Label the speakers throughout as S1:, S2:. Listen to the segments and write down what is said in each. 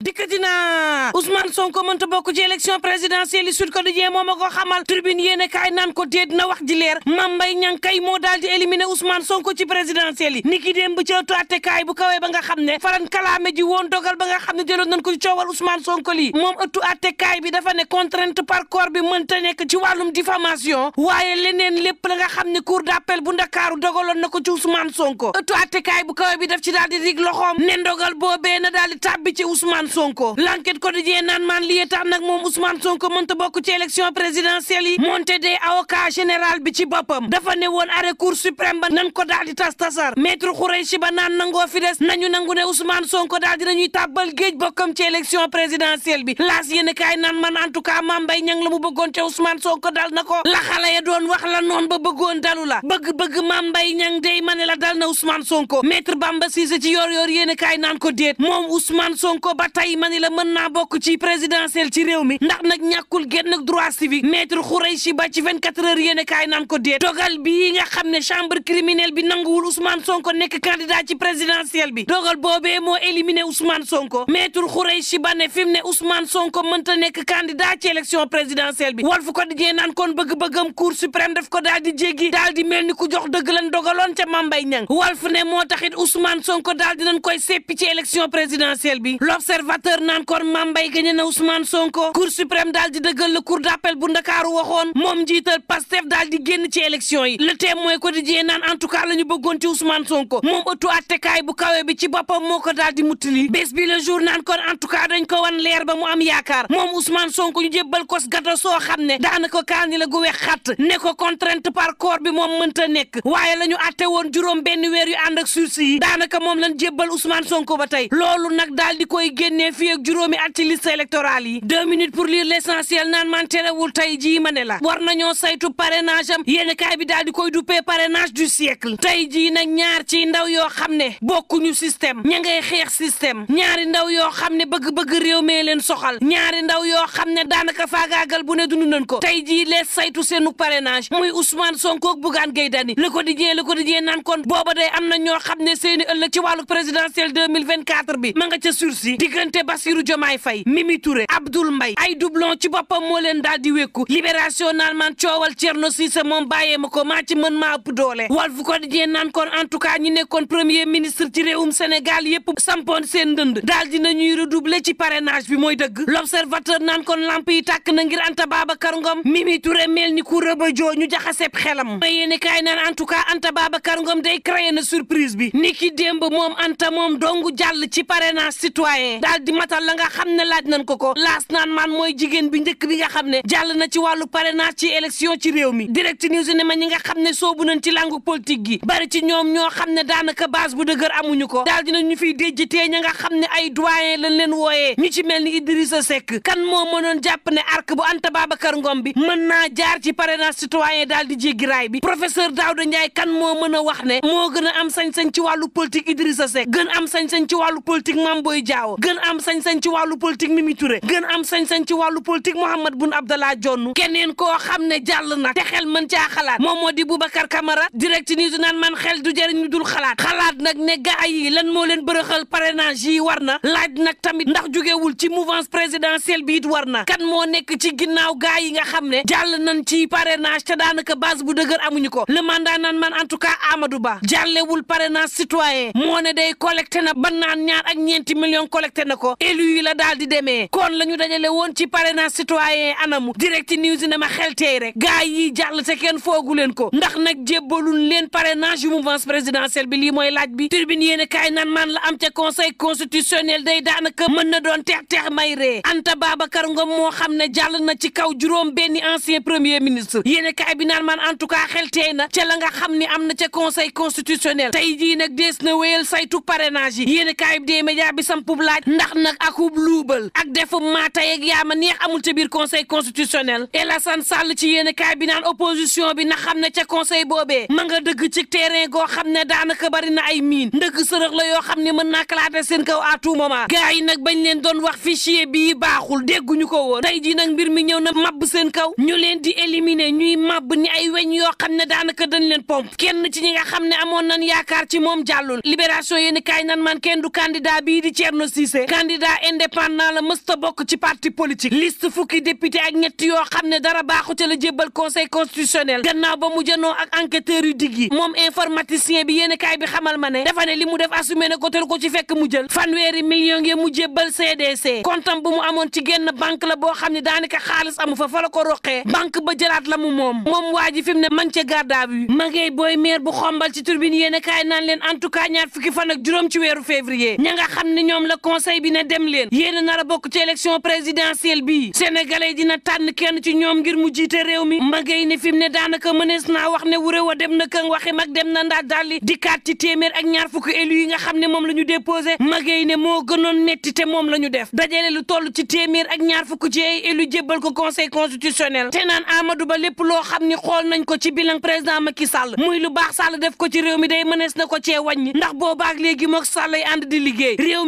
S1: dikkati na Ousmane Sonko mënta bokk ci élection présidentielle Sud Quotidien moo ma ko xamal tribune yéene kaay ko déet na wax ji leer Mame Mbaye moo daal di éliminer Ousmane Sonko ci présidentielle yi niki démb ci ëttu attekaay bu kawee ba nga xam ne faran kalaame ji woon dogal ba nga xam ne jëloon nañ ko ci coowal Ousmane Sonko lii moom ëttu attekaay bi dafa ne contrainte par corps bi mënta nekk ci wàllum diffamation waaye leneen lépp la nga xam ne cour d'appel bu Ndakaaru dogaloon na ko ci Ousmane Sonko Ousmane Sonko l'enquête quotidien naan maan liy tax nag moom Ousmane Sonko mënta bokk ci élection présidentielle yi moonte de avocat général bi ci boppam dafa ne woon arrêt cour suprême ba nan ko daal di tas tasar maître si ba naan nangoo fi des nañu nangu ne Ousmane Sonko daal dinañuy tàbbal géej bokkam ci élection présidentielle bi laas yéen kaay naan man en tout cas la mu bëggoon ca Ousmane Sonko dal na ko la xale doon wax la noon ba bëggoon dalu la bëgg-bëgg Mame Mbaye Niang ma ne la dal na Ousmane Sonko maître Bamba Cissé ci yor yor yéen kaay naan ko déet moom Ousmane Sonko ba tey ma ni la mën naa bokk ci présidentielle ci réew mi ndax nag ñàkkul genn droit civique maître Khoureychi Ba ci 24 heures yéen a kaay naan ko déet dogal bii nga xam ne chambre criminelle bi nanguwul Ousmane Sonko nekk candidat ci présidentielle bi dogal boobee moo éliminé Ousmane Sonko maître Khoureychi Ba ne fi mu ne Ousmane Sonko mënta nekk candidat ci élection présidentielle bi Walf Quotidien naan kon bëgg-bëggam cour suprême daf ko daal di jéggi daal di mel ni ku jox dëgg lan dogaloon ca Mambay Niang Walf ne moo taxit Ousmane Sonko daal di nañ koy seppi ci élection présidentielle bi l'observateur naan kon Mame Mbaye gañe na Ousmane Sonko cour suprême daal di dëggal la cour d'appel bu Ndakaaru waxoon moom njiital Pastef daal di génn ci élection yi le témoin quotidien naan en tout cas la ñu Sonko moom ëttu attekaay bu kawe bi ci boppam moo ko daal di muttali bés bi le jour naan kon en tout cas dañ ko wan leer ba mu am yaakaar moom Ousmane Sonko ñu jébbal kos soo xam ne daanaka kaani la gu wex xatt ne ko contrainte par corps bi moom mënta nekk ne fii juróomi at ci liste électorale yi deux minutes pour lire l'essentiel naan man terewul tey jii ma ne la war nañoo saytu parrainage am yéen kaay bi daal di koy duppee parrainage du siècle tey jii nag ñaar ci ndaw yoo xam ne bokkuñu système ña ngay xeex système ñaari ndaw yoo xam ne bëgg-bëgg réew mee leen soxal ñaari ndaw yoo xam ne daanaka faagaagal bu ne dund nañ ko tey ji lees saytu seenu parrainage muy Ousmane Sonko ak Bougane Gueye Dany le quotidien le quotidien naan kon booba day am na ñoo xam ne seeni ëllëg ci wàllu présidentielle 2024 bi ma nga ca sursi te Bassirou Diomaye Faye Mimi Touré Abdoul Mbaye ay doublon ci boppam moo leen daal di wékku libération naan man coowal Thierno Cissé moom bàyyee ma ko maa ci mën maa ëpp doole Walf Quotidien naan kon en tout cas ñi nekkoon premier ministre ci réewum Sénégal yépp sampoon seen ndënd daal dina ñuy redoubler ci parrainage bi mooy dëgg l'observateur naan kon lamp yi tàkk na ngir Anta Babacar Ngom Mimi Touré mel ni ku rëbëjoo ñu jaxaseeb xelam yéene kaay naan en tout cas Anta Babacar Ngom day créer na surprise bi niki démb moom Anta moom dongu jàll ci parrainage daal di matal la nga xam ne laaj nañ ko ko laas naan maan mooy jigéen bi njëkk bi nga xam ne jàll na ci wàllu parrainage ci élection ci réew mi direct news ne ma ñi nga xam ne soobu nañ ci langu politique gi bari ci ñoom ñoo xam ne daanaka base bu dëgër amuñu ko daal dina ñu fiy déjjitee ña nga xam ne ay doyen lañ leen wooyee ñu ci mel ni Idrissa sek kan moo mënoon jàpp ne bu Anta Babacar Ngom bi mën naa jaar ci parrainage citoyen daal di jéggi bi professeur Daouda Ndiaye kan moo mën a wax ne moo gën a am sañ-sañ ci wàllu politique Idrissa Seck gën am sañ-sañ ci wàllu politique Mame Boye Diao gën gën am sañ-sañ ci wàllu politique Mimi Touré gën am sañ-sañ ci wàllu politique Mahammed Boun Abdallah Dionne keneen koo xam ne jàll na te xel mën caa xalaat moom moo di Boubacar Camara direct news naan man xel du jëriñ ñu dul xalaat xalaat nag ne gaa yi lan moo leen bërëxal parrainage yi war na laaj nag tamit ndax jógewul ci mouvance présidentielle bi it na kan moo nekk ci ginnaw gaa yi nga xam ne jàll nañ ci parrainage te daanaka base bu dëgër amuñu ko le mandat naan man en Ba jàllewul parrainage citoyen na ba naan ñaar ak ñeenti million collecté na ko élu yi la daal di demee kon la ñu dajale woon ci parrainage citoyen anamu direct news ne ma xel tey rek gars yi jàll te kenn foogu leen ko ndax nag jébbalul leen parrainage yu mouvance présidentielle bi lii mooy laaj bi turbine yéen kaay nan man la am ca conseil constitutionnel day daana mën na doon teex teex may ree Anta Babacar Ngom moo xam ne jàll na ci kaw juróom benni ancien premier ministre yéen kaay bi naan man en tout cas xel tey na ca la nga xam ni am na ca conseil tey jii nag dees na wéyal saytu parrainage yi yéen kaay bi bi sampu laaj ndax nag akub luubal ak defum maa tey ak yaa ma neex amul ca biir conseil constitutionnel El san Sall ci yéen kaay bi naan bi na xam ne ca conseil boobee ma nga dëgg ci terrain goo xam ne daanaka bari na ay miin ndëgg sërëx la yoo xam ne mën naa kalaate seen kaw à tout moment gars nag bañ leen doon wax fichier bi baaxul dégguñu ko woon tey jii nag mbir mi ñëw na mabb seen kaw ñu leen di éliminer ñuy mabb ni ay weñ yoo xam ne daanaka dañ leen pomp kenn ci ñi nga xam ne amoon nan yaakaar ci moom jàllul libération yéen kaay nan man kenn du candidat bii di candidat indépendant la mësta bokk ci parti politique liste fukki député ak ñett yoo xam ne dara baaxu ca la jébbal conseil constitutionnel gannaaw ba mu jënoo ak enquêteurs yu digg moom informaticien bi yéen kaay bi xamal ma ne dafa li mu def assumé ko tel ko ci fekk mu jël fanweeri millions yi mu jébbal CDC kontam bu mu amoon ci genn banque la boo xam ne daanaka xaalis amu fa fa ko roqee banque ba jëlaat la mu moom moom waa ji ne man ci turbine yéenekaay bi na dem leen yéen a nar a bokk ci élection présidentielle bi sénégalais dina tànn kenn ci ñoom ngir mu jiite réew mi ma ngay ne fi mu ne daanaka mënees naa wax ne wuré wa dem na këng waxi mag dem na ndaa dalli dikkaat ci téeméer ak ñaar fukki élu yi nga xam ne moom la ñu déposé ma ngay ne moo gënoon metti te moom la ñu def dajale lu toll ci téeméer ak ñaar fukk ci ay élu jébbal ko conseil constitutionnel te naan Amadou Ba lépp loo xam ni xool nañ ko ci bilan président Macky Sall muy lu baax Sall def ko ci réew mi day mënees na ko cee wàññi ndax boobaak léegi mook Sall ay ànd di liggéey réew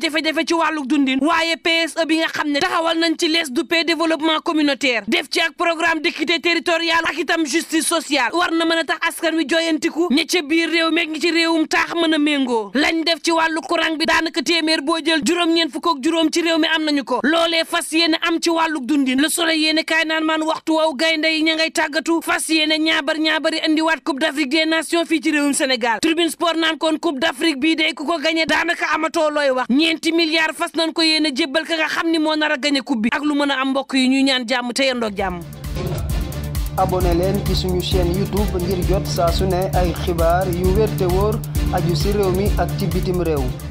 S1: jafe-jafe ci wàllu dundin waaye PSE bi nga xam ne taxawal nañ ci les du pays développement communautaire def ci ak programme d'équité territoriale ak itam justice sociale war na mën a tax askan wi jooyantiku ña ca biir réew meeg ñi ci réewum taax mën a méngoo lañ def ci wàllu courant bi daanaka téeméer boo jël juróom-ñeent fukk ak juróom ci réew mi am nañu ko loolee fas yéene am ci wàllu dundin le soleil yéene kaay naan maan waxtu waw gaynde yi ña ngay tàggatu fas yéene ñaabar ñaabari indiwaat coupe d'Afrique des nations fii ci réewum Sénégal tribune sport naan kon coupe d'Afrique bii day ko gagné daanaka amatoo looy ñeenti milliards fas nañ ko yéen a jébbal ka nga xam ni moo na a gañe coupe bi ak lu mën a am mbokk yi ñuy ñaan jàmm te yendoog jàmm abonné leen ci suñu chaîne youtube ngir jot saa su ne ay xibaar yu wér te wóor aju ci réew mi ak ci bitim réew